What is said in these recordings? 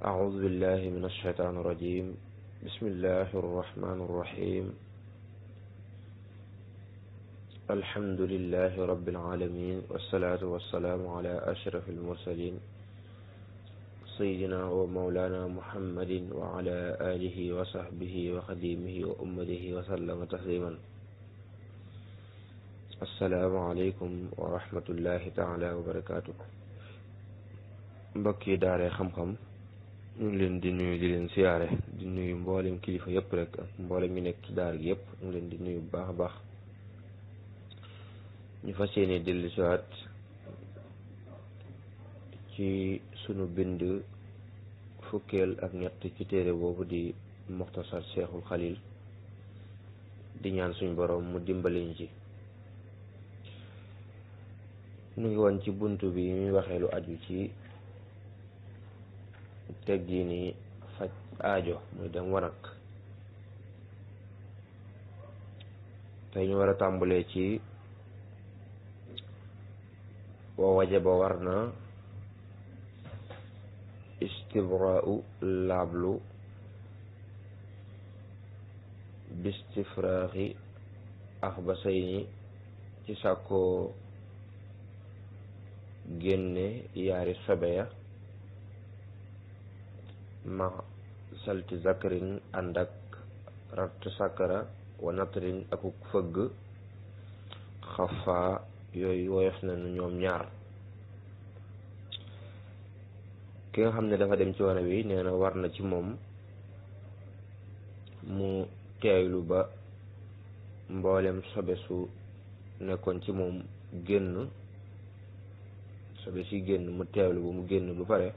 أعوذ بالله من الشيطان الرجيم بسم الله الرحمن الرحيم الحمد لله رب العالمين والصلاة والسلام على أشرف المرسلين سيدنا ومولانا محمد وعلى آله وصحبه وخديمه وأمته وسلم تسليما السلام عليكم ورحمة الله تعالى وبركاته بكي داري خمخم ñu ngi leen di nuyu di leen siyaare di nuyu mboolem kilifa yëpp rek ak mboolem ñu nekk ci daar gi yëpp ñu leen di nuyu bu baax a baax ñu fa yéene dellu siwaat ci sunu bind fukkeel ak ñett ci téere boobu di muxtasar seexul xalil di ñaan suñu boroom mu dimbaliñ ci ñu ngi woon ci bunt bi ñuy waxee lu aju ci teggini faj aajo muy dem wanag tey ñu war a tàmbalee ci wa wajaba war na istibraau laablu bistifraaxi ax ba say ni ci sàkkoo génne yaari sobe ya ma salti zakarin ànd ak rattu sakara wa natrin akuk fëgg xafa yooyu woyof nañu ñoom ñaar ki nga xam ne dafa dem ci wara wi nee na war na ci moom mu teeylu ba mboolem sobe su nekkoon ci moom génn sobe si génn mu teewlu ba mu génn ba pare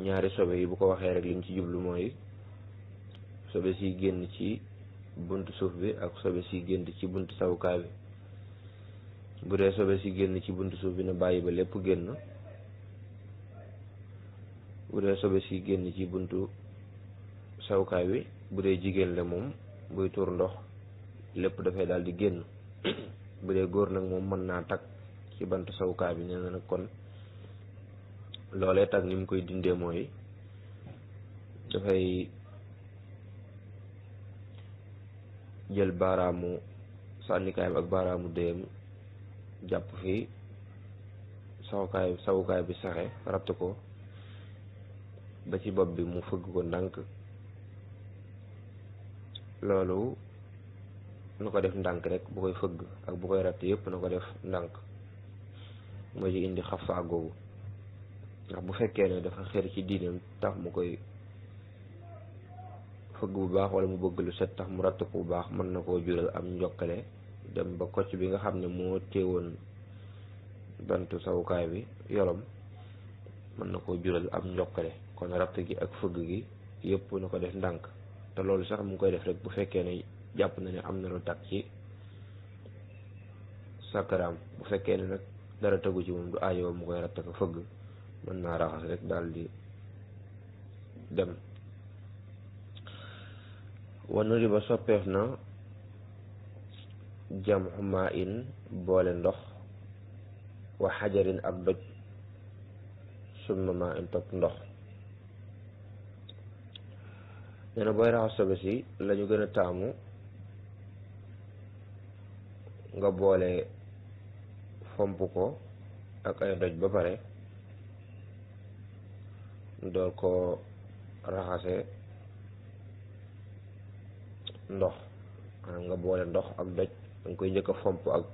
ñaari sobe yi bu ko waxee rek lim ci jublu mooy sobe si génn ci buntu suuf bi ak sobe si génn ci buntu sawukaay bi bu dee sobe si génn ci buntu suuf bi na bàyyi lépp génn bu dee si génn ci buntu sawukaay bi bu dee jigéen la moom buy tuur ndox lépp dafay daldi génn bu dee góor nag moom mën naa takk ci bant sawukaay bi nee na nag kon loolee tag ni mu koy dindee mooy dafay jël baaraamu sànnikaay bi ak baaraamu déyam jàpp fii saxukaay sawukaay bi saxe ratt ko ba ci bopp bi mu fëgg ko ndànk loolu na ko def ndànk rek bu koy fëgg ak bu koy ratt yëpp na ko def ndànk moo ci indi xafa googu ndax bu fekkee ne dafa xër ci diinam tax mu koy fëgg bu baax wala mu bëgg lu set tax mu ratt ko bu baax mën na koo jural am njokkale dem ba bi nga xam ne moo téewoon bantu sawukaay bi yorom mën na koo jural am njokkale kon ratt gi ak fëgg gi yëpp na ko def ndànk te loolu sax mu koy def rek bu fekkee ne jàpp na ne am na lu takk ci sakaraam bu fekkee ne nag dara tegu ci moom du aajowoo mu koy ratt ko fëgg mën naa raxas rek daal di dem wanu riba soppeef na jam maa in boole ndox wa xajarin ak doj summa maa in topp ndox nee na booy raxas sobe si lañu gën a taamu nga boole fomp ko ak ay doj ba pare door koo raxase ndox maanaam nga boole ndox ak doj danga koy njëkk a fomp ak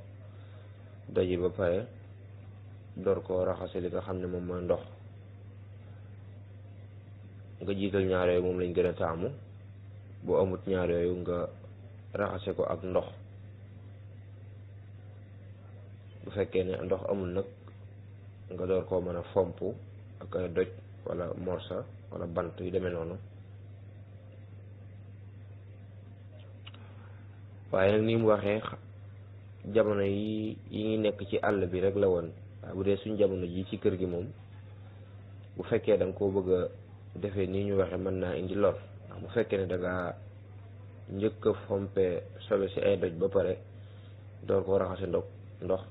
doj yi ba pare door koo raxase li nga xam ne moom mooy ndox nga jiital ñaar yooyu moom lañ gën a taamu boo amut ñaar nga raxase ko ak ndox bu fekkee ne ndox amul nag nga door koo mën a fomp ak doj wala morsa wala bant yu demee noonu waaye nag ni mu waxee jamono yi yi ngi nekk ci àll bi rek la woon waaye bu dee suñ jamono ji ci kër gi moom bu fekkee danga nga koo bëgg a defee nii ñu waxee mën naa indi lor ndax bu fekkee ne da njëkk a fompe sobe si ay doj ba pare door koo raxase ndox ndox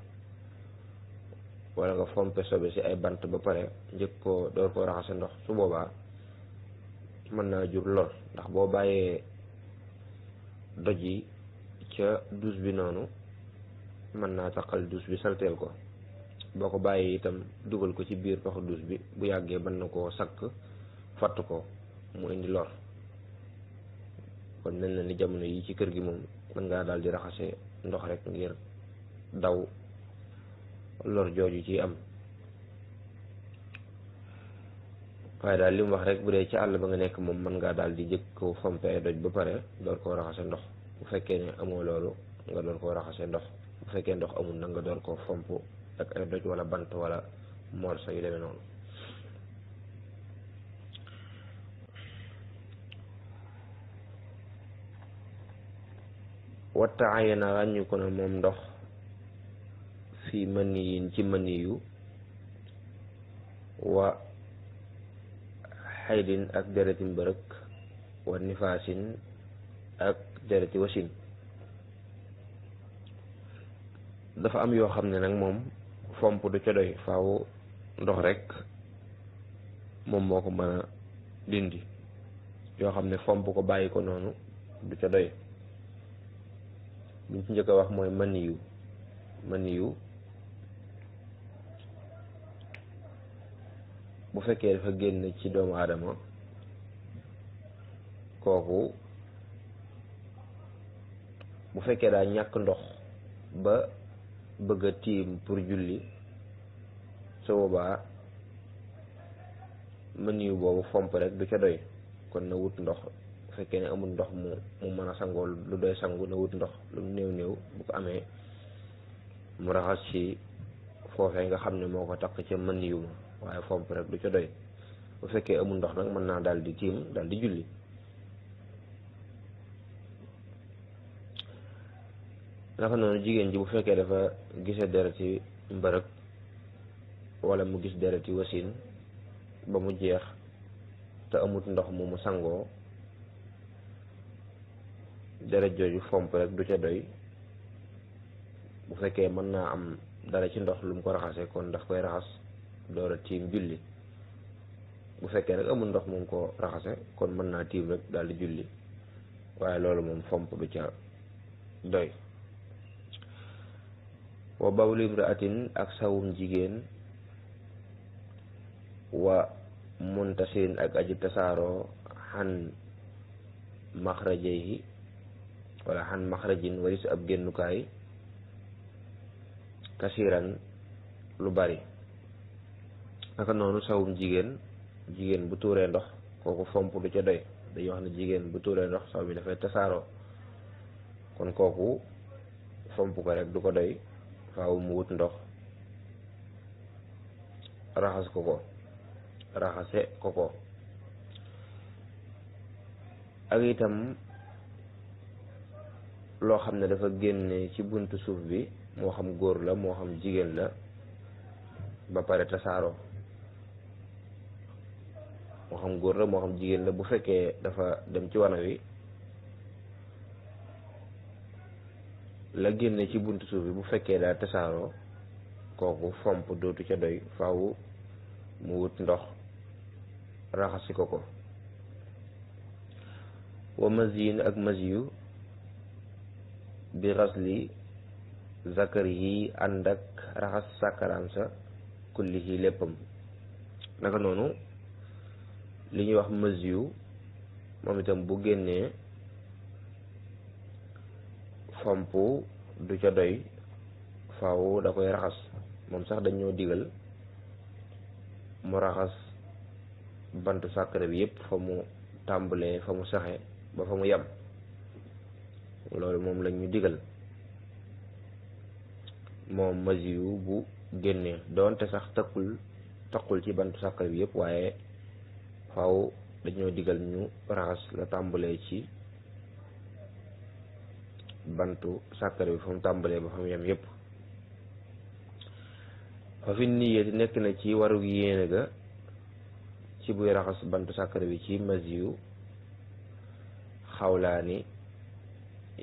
wala nga fompe sobe si ay bant ba pare njëkk koo door koo raxase ndox su boobaa mën naa jur lor ndax boo bàyyee doj yi ca duus bi noonu mën naa taqal duus bi salteel ko boo ko bàyyee itam dugal ko ci biir paxu duus bi bu yàggee mën na koo sakk fatt ko mu indi lor kon mel na ni jamono yi ci kër gi moom mën ngaa daal di raxase ndox rek ngir daw lor jooju ci am waaye daal li mu wax rek bu dee ci àll ba nga nekk moom mën ngaa daal di jëkk koo fompe ay doj ba pare door koo raxase ndox bu fekkee ne amoo loolu nga door koo raxase ndox bu fekkee ndox amul nag nga door koo fomp ak ay doj wala bant wala morso yu demee noonu watta ayana ràññu ko na moom ndox fii nii ci maniyu wa xaydin ak dereti mbërëk wa nifaasin ak dereti wasin dafa am yoo xam ne nag moom fomp du ca doy faaw ndox rek moom moo ko mën dindi yoo xam ne fomp ko bàyyi ko noonu du ca doy liñ ci njëkk a wax mooy maniyu maniyu bu fekkee dafa génn ci doomu aadama kooku bu fekkee daa ñàkk ndox ba bëgga a pour julli su boobaa mëniyu boobu fomp rek du ca doy kon na wut ndox bu fekkee ne amul ndox mu mu mën a sangoo lu doy sangu na wut ndox lu néew néew bu ko amee mu raxas ci foofee nga xam ne moo ko takk ca mëniyu ma waaye fomp rek du ca doy bu fekkee amul ndox nag mën naa daal di tiim daal di julli naka noonu jigéen ji bu fekkee dafa gise dereti mbërëg wala mu gis dereti wasin ba mu jeex te amut ndox mu mu sangoo deret jooju fomp rek du ca doy bu fekkee mën naa am dara ci ndox lu mu ko raxase kon daf koy raxas door a tiim julli bu fekkee nag amul ndox moom ko raxase kon mën naa tiim rek daal di julli waaye loolu moom fomp du ca doy wa bawlu imraatin ak sawum jigéen wa muntasirin ak aji tasaaroo xan maxrajayhi wala xan maxrajin waris ab génnukaay kasiran lu bari naka noonu sawum jigéen jigéen bu tuuree ndox kooku fomp du ca doy dañuy wax ne jigéen bu tuuree ndox saw mi dafay tasaaroo kon kooku fomp ko rek du ko doy faaw mu wut ndox raxas ko ko raxase ko ko ak itam loo xam ne dafa génne ci buntu suuf bi moo xam góor la moo xam jigéen la ba pare tasaaroo moo xam góor la moo xam jigéen la bu fekkee dafa dem ci wanag wi la génne ci buntu suuf bi bu fekkee daa tasaaroo kooku fomp dootu ca doy faw mu wut ndox raxasi ko ko wa masiin ak masiyu bi xasli zakar yi ànd ak raxas sàkkaraam sa kulli yi léppam naka noonu li ñuy wax masiyu moom itam bu génnee fomp du ca doy faaw da koy raxas moom sax dañ digal mu raxas bantu sàkkare bi yépp fa mu tàmbalee fa mu saxe ba fa mu yem loolu moom lañ digal moom masiyu bu génnee doonte sax takkul takkul ci bantu sàkkare bi yépp waaye faw dañoo digal ñu raxas la tàmbalee ci bantu sàkkar bi fa mu tàmbalee ba fa mu yem yépp fa fi niyati nekk na ci warug yéene ga ci buy raxas bantu sàkkar bi ci masiyu ni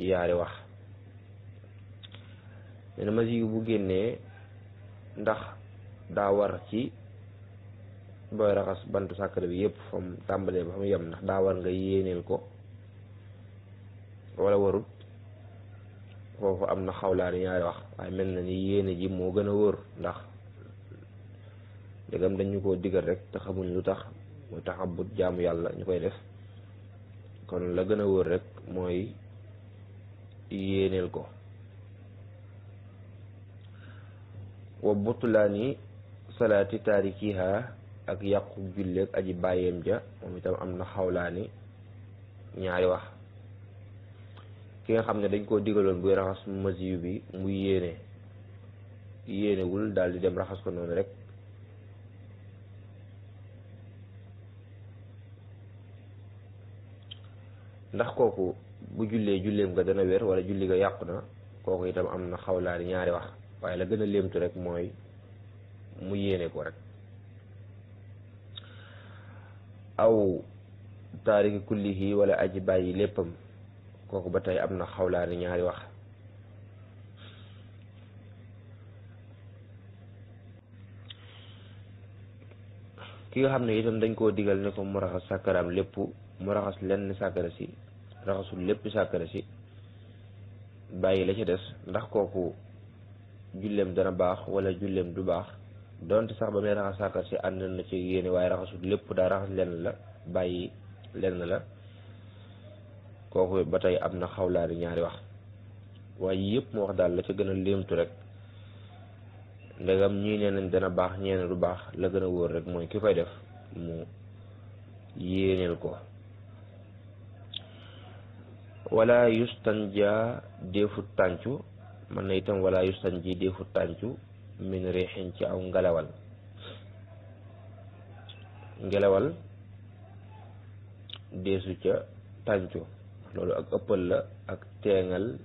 yaari wax nee na masiyu bu génnee ndax daa war ci booy raxas bantu sàkkare bi yëpp fa mu tàmbalee ba fa mu yem ndax daa war nga yéeneel ko wala warut foofu am na xawlaani ñaari wax waaye mel na ni yéene ji moo gën a wóor ndax ndegam dañu ko digal rek te xamuñ lu tax tax muy taxabut jàmm yàlla ñu koy def kon la gën a wóor rek mooy yéeneel ko wa butlaani salaati taarikiha ak yàqu julleeg aji bàyyeem ja moom itam am na xawlaani ñaari wax ki nga xam ne dañ koo diggaloon buy raxas masiyu bi mu yéene yéenewul daal dem raxas ko noonu rek ndax kooku bu jullee julleem nga dana wér wala julli nga yàqu na kooku itam am na xawlaani ñaari wax waaye la gën a léemtu rek mooy mu yéene ko rek aw taariki kullihi wala aji bàyyi léppam kooku ba tey am na xawlaani ñaari wax ki nga xam ne itam dañ koo digal ne ko mu raxas sàkkaraam lépp mu raxas lenn sàkkara si raxasul lépp sàkkara si bàyyi la ca des ndax kooku julleem dana baax wala julleem du baax dont sax ba muy raxas si ànd na ci yéene waaye raxasut lépp daa raxas lenn la bàyyi lenn la kooku ba tey am na xawlaari ñaari wax waaye yëpp mu wax daal la ci gën a léemtu rek ndegam ñii nee nañ dana baax ñeene du baax la gën a wóor rek mooy ki koy def mu yéeneel ko wala yustanja deefut tàncu man na itam wala yustanja deefut tàncu min riixin ci aw ngelawal ngelawal désu ca tàncu loolu ak ëppal la ak teengal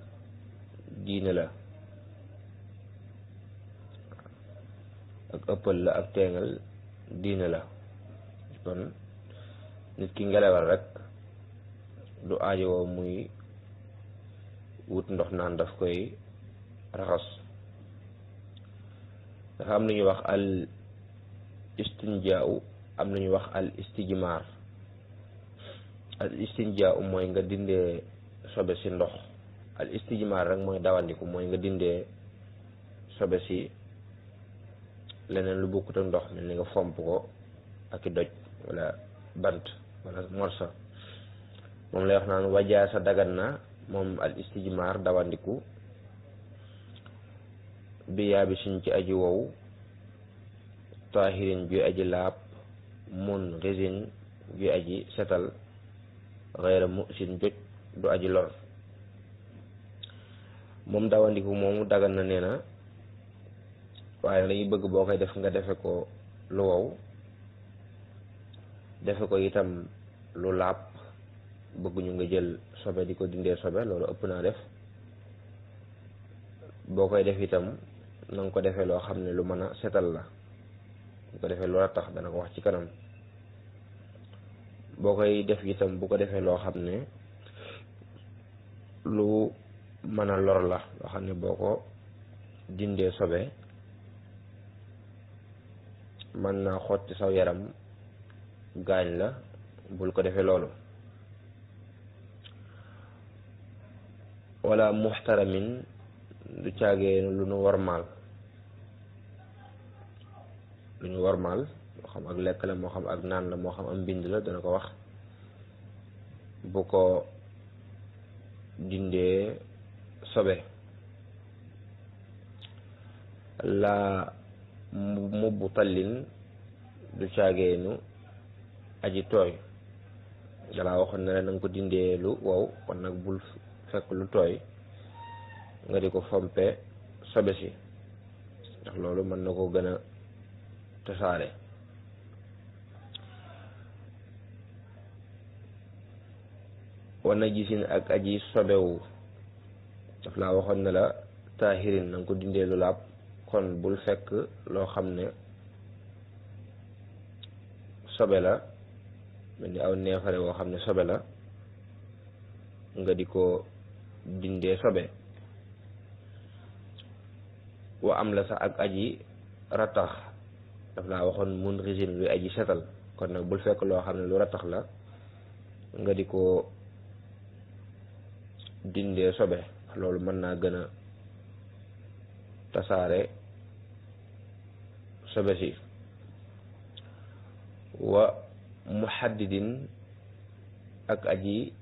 diine la ak ëppal la ak teengal diine la nit ki ngelawal rek du aajowoo muy wut ndox naan daf koy raxas dafa am lu ñuy wax al istinjaaw am lu ñuy wax al istijmaar al mooy nga dindee sobe si ndox al istijmaar rek mooy dawandiku mooy nga dindee sobe si leneen lu bokkut ak ndox mel ni nga fomp ko ak i doj wala bant wala morsa moom lay wax naan wajaasa dagan na moom al istijmaar dawandiku bi yaabisin ci aji wow taahirin juy aji laab mun risin juy aji setal xeyra musin joj du aji lor moom dawandiku moomu dagan na nee na waaye dañuy bëgg boo koy def nga defe ko lu wow defe ko itam lu laab bëgguñu nga jël sobe di ko dindee sobe loolu ëpp naa def boo koy def itam na ko defee loo xam ne lu mën a setal la bu ko defee loola tax dana ko wax ci kanam boo koy def itam bu ko defee loo xam ne lu mën a lor la loo xam ne boo ko dindee sobe mën naa xotti saw yaram gaañ la bul ko defee loolu wala muxtaramin lu caagee lu nu warmaal lu ñu warmaal moo xam ak lekk la moo xam ak naan la moo xam am mbind la dana ko wax bu ko dindee sobe la mubbu tallin du caageenu aji tooy dalaa waxoon ne la na nga ko dindee lu wow kon nag bul fekk lu tooy nga di ko fompe sobe si ndax loolu mën na ko gën tasaare war na gisin ak aji sobewu daf laa waxoon na la taahirin na ko dindee lu laab kon bul fekk loo xam ne sobe la mel ni aw neefare woo xam ne sobe la nga di ko dindee sobe wa am la sax ak aji ratax daf naa waxoon mun risin luy aji setal kon nag bul fekk loo xam ne lu ratax la nga di ko dindee sobe loolu mën naa gën a tasaare sobe si wa muhaddidin ak yi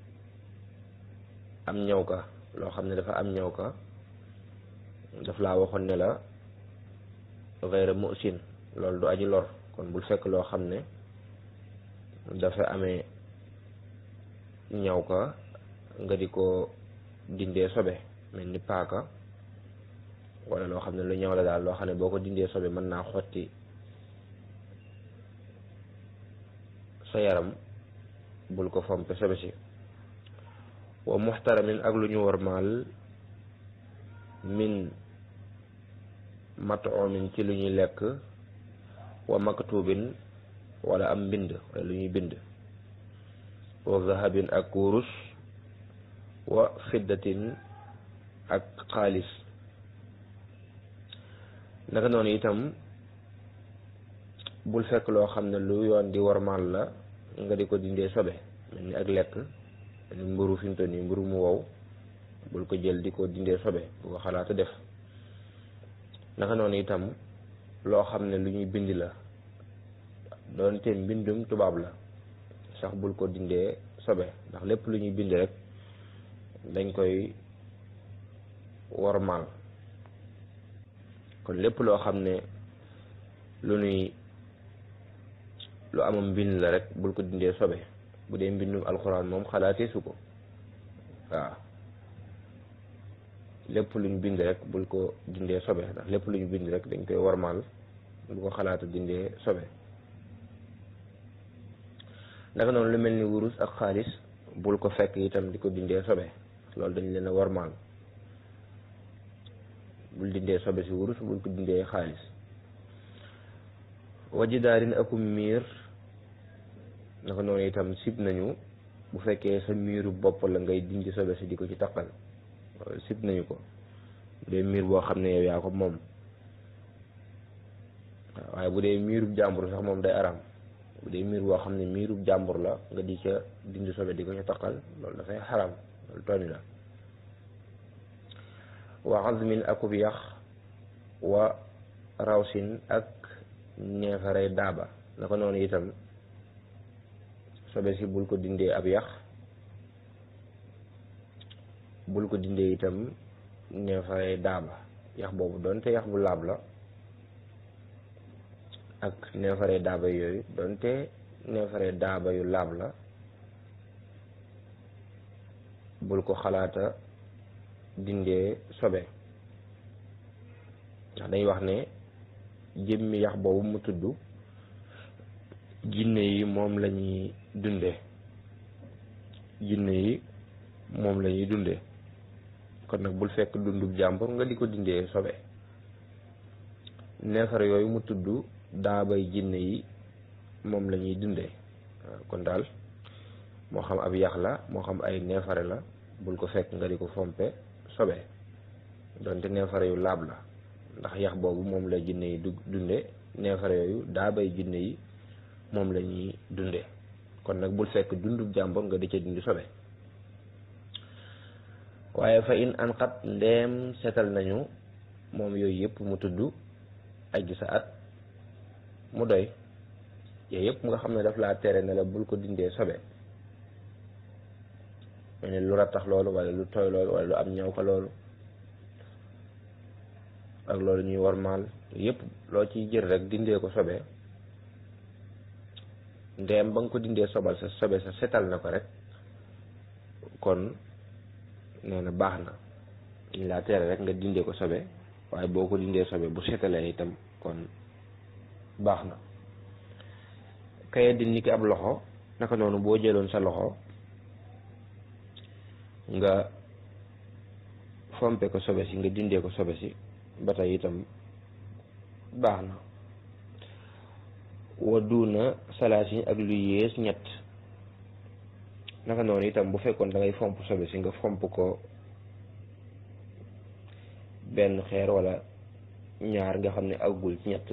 am ñaw ka loo xam ne dafa am ñaw ka daf laa waxoon ne la gayra musin loolu du aji lor kon bul fekk loo xam ne dafa amee ñaw ka nga di ko dindee sobe mel ni paaka wala loo xam ne lu ñaw la daal loo xam ne boo ko dindee sobe mën naa xotti sa yaram bul ko fompe sobe si wa muxtaramin ak lu ñu wor warmaal min matoomin ci lu ñuy lekk wa maktubin walla am mbind wala lu ñuy bind wa zahabin ak wurus wa fiddatin ak xaalis naka noonu itam bul fekk loo xam ne lu yoon di warmaal la nga di ko dindee sobe mel ni ak lekk ni mburu finto ni mburu mu wow bul ko jël di ko dindee sobe bu ko xalaata def naka noonu itam loo xam ne lu ñuy bind la doonte mbindum tubaab la sax bul ko dindee sobe ndax lépp lu ñuy bind rek dañ koy wormaal kon lépp loo xam ne lu nuy lu amam mbind la rek bul ko dindee sobe bu dee mbindum alxuraan moom xalaatee su ko waaw lépp lu ñu bind rek bul ko dindee sobe ndax lépp lu ñu bind rek dañ koy warmaal bu ko xalaata dindee sobe naka noonu lu mel ni wurus ak xaalis bul ko fekk itam di ko dindee sobe loolu dañ leen a warmaal bul dindee sobe si wurus bul ko dindee xaalis wajidaarin akum miir naka noonu itam sib nañu bu fekkee sa miiru bopp la ngay dindi sobe si di ko ci taqal sit nañu ko bu dee miir boo xam ne yow yaa ko moom waaye bu dee miirub jàmbur sax moom day araam bu dee miir boo xam ne miirub jàmbur la nga di ca dindi sobe di ko ca taqal loolu dafay xaram loolu tooñ la wa azmin akub yax wa rawsin ak neefaree daaba naka noonu itam sobe si bul ko dindee ab yax bul ko dindee itam ne fay daaba yax boobu doonte yax bu laab la ak neefare daaba yooyu doonte neefare daaba yu laab la bul ko xalaata dindee sobe ndax dañuy wax ne jëmmi yax boobu mu tudd jinne yi moom lañuy dunde jinne yi moom lañuy dunde kon nag bul fekk dundub jàmbur nga di ko dindee sobe neefare yooyu mu tudd daabay jinne yi moom lañuy ñuy dindee waaw kon daal moo xam ab yax la moo xam ay neefare la bul ko fekk nga di ko fompe sobe doonte neefare yu laab la ndax yax boobu moom la jinne yi du dunde neefare yooyu daabay jinne yi moom la ñuy dunde kon nag bul fekk dundub jàmbur nga di ca dindi sobe waaye fa in an xat ndeem setal nañu moom yooyu yëpp mu tudd aj sa at mu doy yooyu yëpp nga xam ne daf laa tere ne la bul ko dindee sobe mu ne lu rattax loolu wala lu tooy loolu wala lu am ñaw ko loolu ak loolu ñuy war warmaal yépp loo ciy jël rek dindee ko sobe ndeem ba nga ko dindee sobal sa sobe sa setal na ko rek kon nee baax na ñu laa tere rek nga dindee ko sobe waaye boo ko dindee sobe bu setalee itam kon baax na kaya din ni ki ab loxo naka noonu boo jëloon sa loxo nga fompe ko sobe si nga dindee ko sobe si ba itam baax na wa duuna salaasin ak lu yées ñett naka noonu itam bu fekkoon da ngay fomp sobe si nga fomp ko benn xeer wala ñaar nga xam ne àggul ci ñett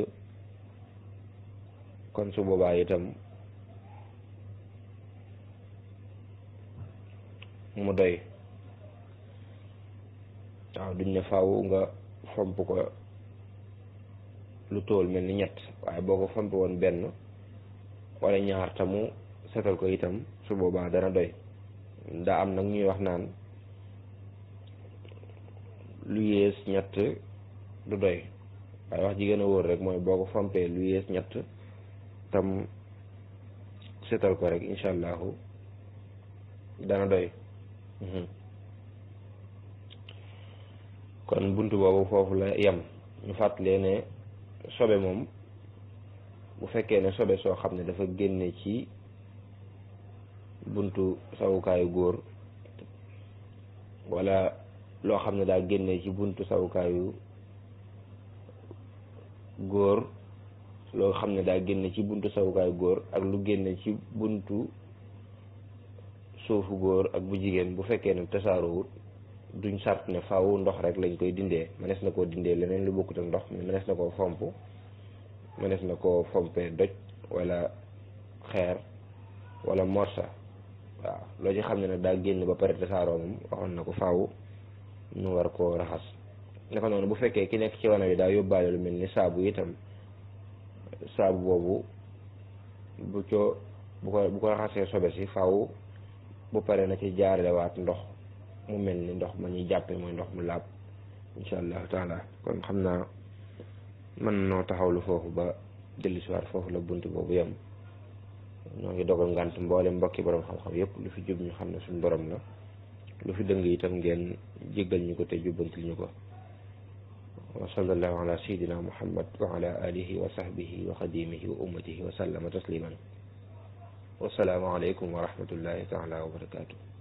kon su boobaa itam mu doy waaw duñ ne faw nga fomp ko lu tool mel ni ñett waaye boo ko fomp woon benn wala ñaar tamu setal ko itam su boobaa dana doy daa am nag ñuy wax naan lu yées ñett lu doy waaye wax ji a wóor rek mooy boo ko fompee lu yées ñett tam seetal ko rek incha allahu dana doy mhm. kon bunt boobu foofu la yam ñu fàttalee ne sobe moom bu fekkee ne sobe soo xam ne dafa génne ci buntu sawukaayu góor wala loo xam ne daa génne ci buntu sawukaayu góor loo xam ne daa génne ci buntu sawukaayu góor ak lu génne ci buntu suufu góor ak bu jigéen bu fekkee ne tasaaroowut duñ sart ne faaw ndox rek lañ koy dindee mënees na koo dindee leneen lu bokkut ak ndox mënees na koo fomp mënees na koo fompee doj wala xeer wala morsa waaw loo ci xam ne nag daa génn ba pare tasaaroo moom waxoon na ko faw nu war koo raxas naka noonu bu fekkee ki nekk ci wana wi daa yóbbaale lu mel ni saabu itam saabu boobu bu co bu ko bu ko raxasee sobe si faw bu pare na ci jaaralewaat ndox mu mel ni ndox ma ñuy jàppe mooy ndox mu laab insha allahu taala kon xam naa mën noo taxawlu foofu ba dellusiwaat foofu la bunt boobu yem ñoo ngi dogal ngant mboolem mbokki borom xam-xam yëpp lu fi jub ñu xam ne suñu borom la lu fi dëng itam ngeen jéggal ñu ko te jubbantil ñu ko wa sallallahu ala sayidina muhammad wa ala alihi wa sahbihi wa xadimihi wa ummatihi wa sallama tasliman wasalaamu aleykum wa rahmatullahi taala wa barakatuh